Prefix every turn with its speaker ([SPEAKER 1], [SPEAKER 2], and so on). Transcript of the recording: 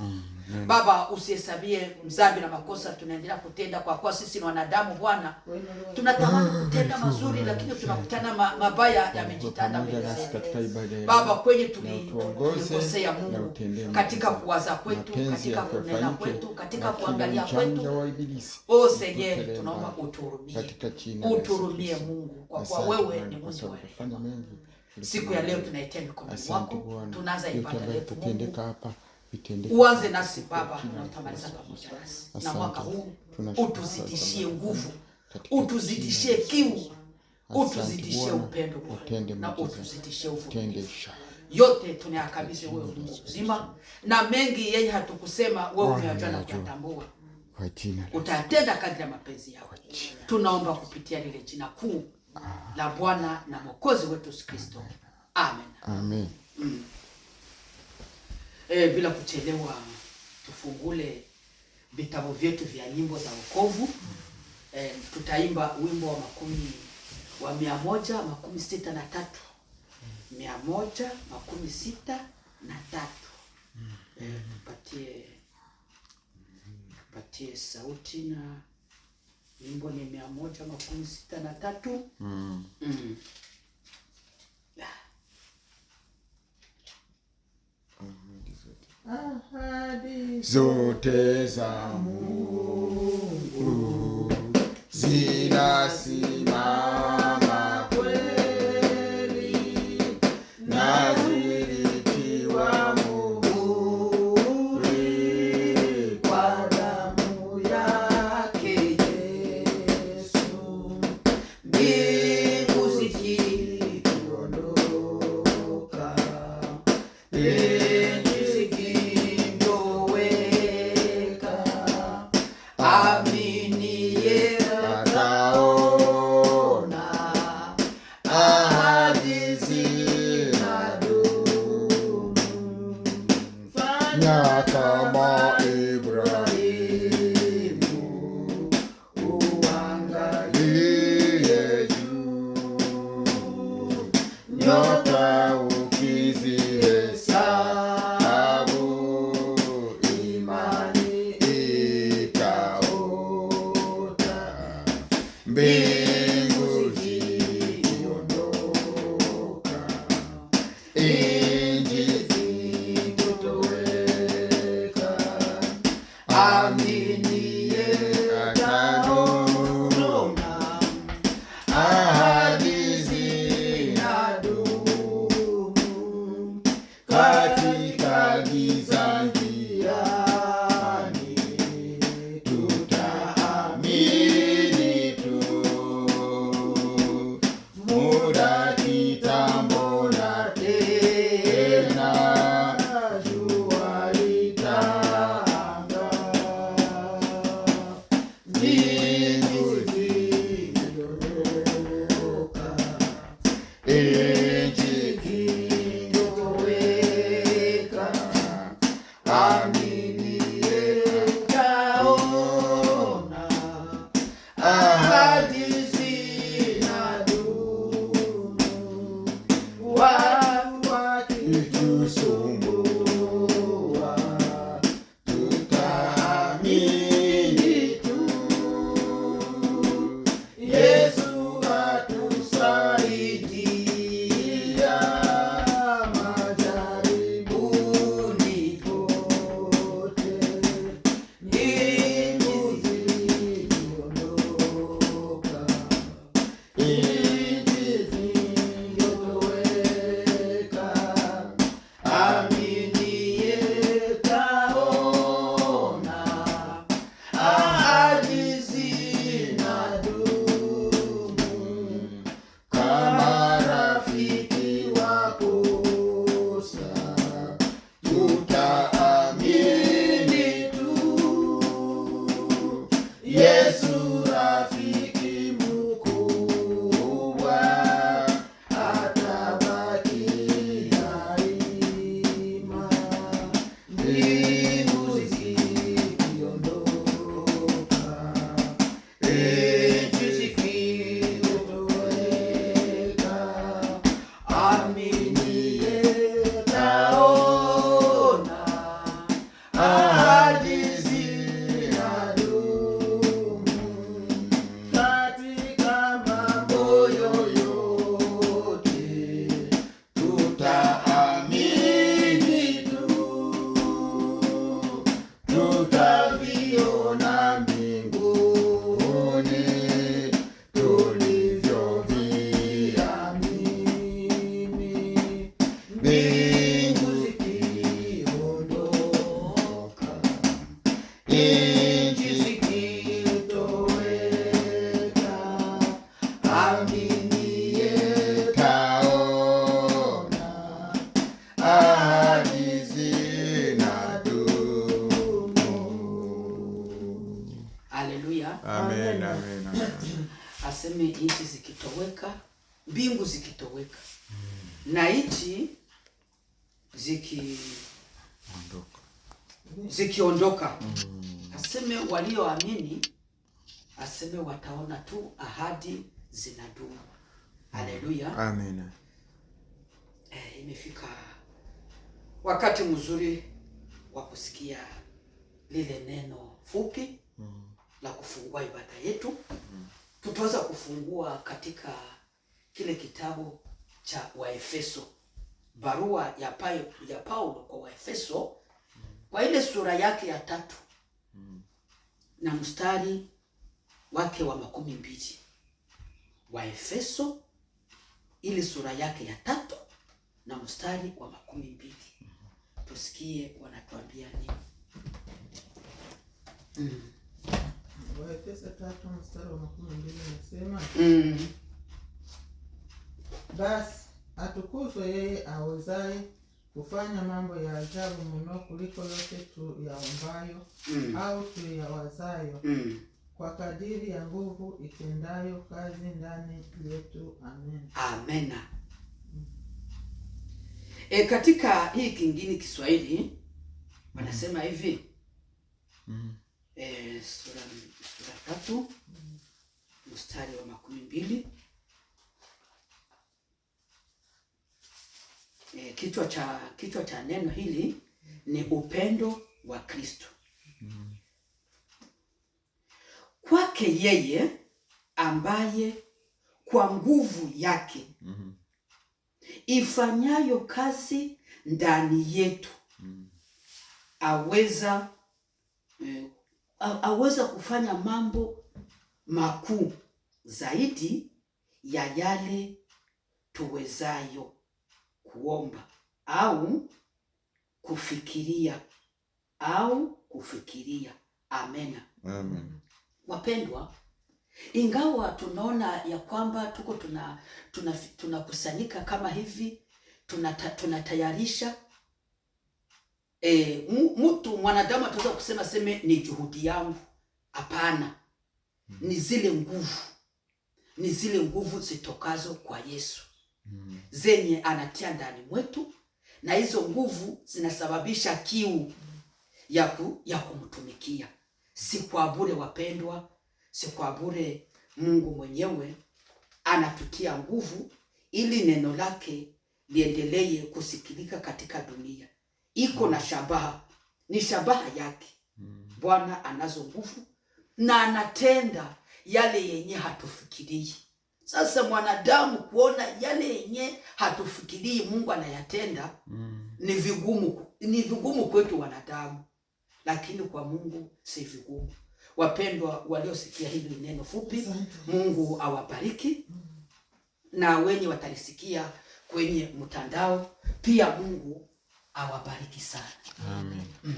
[SPEAKER 1] Amen. Mm, Baba, usihesabie mzambi na makosa tunaendelea kutenda, kwa kuwa sisi ni wanadamu Bwana, tunatamani ah, kutenda mazuri, lakini tunakutana ma, mabaya yamejitanda mbele zetu Baba, kwenye tulikosea Mungu, katika kuwaza kwetu, katika kunena kwetu, katika kuangalia kwetu. O Senye, tunaomba uturumie, uturumie Mungu, kwa kuwa wewe ni Mungu wa Siku ya leo tunaitia mikononi mwako, tunaanza ibada yetu Mungu uanze nasi Baba na utamaliza pamoja nasi, na mwaka huu utuzidishie nguvu, utuzidishie kiu, utuzidishie upendo Bwana, na utuzidishie uvumilivu. Yote tunayakabidhi wewe, Mungu mzima, na mengi yeye hatukusema wewe umeyajua na kuyatambua. Utatenda kadri ya mapenzi yako, tunaomba kupitia lile jina kuu la Bwana na Mwokozi wetu Yesu Kristo, amen, amen. Mm e, bila kuchelewa tufungule vitabu vyetu vya nyimbo za wokovu. E, tutaimba wimbo wa makumi wa mia moja makumi sita na tatu mia moja makumi sita na tatu. E, tupatie tupatie sauti na wimbo ni mia moja makumi sita na tatu. Mm. Mm.
[SPEAKER 2] zote za Mungu zinasi yeah. Amen, amen, amen.
[SPEAKER 1] Aseme nchi zikitoweka, mbingu zikitoweka na ichi ziki zikiondoka mm aseme walioamini, aseme wataona tu, ahadi zinadumu. Haleluya, amen. E, imefika wakati mzuri wa kusikia lile neno fupi mm. la kufungua ibada yetu mm. tutaweza kufungua katika kile kitabu cha Waefeso, barua ya, pa, ya Paulo kwa Waefeso kwa ile sura yake ya tatu mm na mstari wake wa makumi mbili wa Efeso ile sura yake ya tatu na mstari wa makumi mbili tusikie wanatuambia nini.
[SPEAKER 3] Mm. Efeso tatu mstari wa makumi mbili nasema mm. Basi atukuzwe yeye awezaye kufanya mambo ya ajabu mno kuliko yote tuyaombayo mm. au tuyawazayo mm. kwa kadiri ya nguvu itendayo kazi ndani yetu. Amen,
[SPEAKER 1] amena. mm. E, katika hii kingine Kiswahili wanasema mm. hivi mm. E, sura, sura tatu mm. mstari wa makumi mbili Eh, kichwa cha kichwa cha neno hili ni upendo wa Kristo. Kwake yeye ambaye kwa nguvu yake ifanyayo kazi ndani yetu aweza eh, aweza kufanya mambo makuu zaidi ya yale tuwezayo kuomba au kufikiria au kufikiria. Amena, amen. Wapendwa, ingawa tunaona ya kwamba tuko tuna tunakusanyika tuna kama hivi tunatayarisha tuna E, mtu mwanadamu ataweza kusema seme ni juhudi yangu. Hapana, hmm. ni zile nguvu, ni zile nguvu zitokazo kwa Yesu mm. zenye anatia ndani mwetu, na hizo nguvu zinasababisha kiu ya, ku, ya kumtumikia. Si kwa bure wapendwa, si kwa bure Mungu mwenyewe anatutia nguvu ili neno lake liendelee kusikilika katika dunia. Iko na shabaha, ni shabaha yake. Bwana anazo nguvu na anatenda yale yenye hatufikirii. Sasa mwanadamu kuona yale yenye hatufikirii Mungu anayatenda mm. ni vigumu, ni vigumu kwetu wanadamu, lakini kwa Mungu si vigumu. Wapendwa waliosikia hili neno fupi, Mungu awabariki mm. na wenye watalisikia kwenye mtandao pia, Mungu awabariki sana Amen. Mm.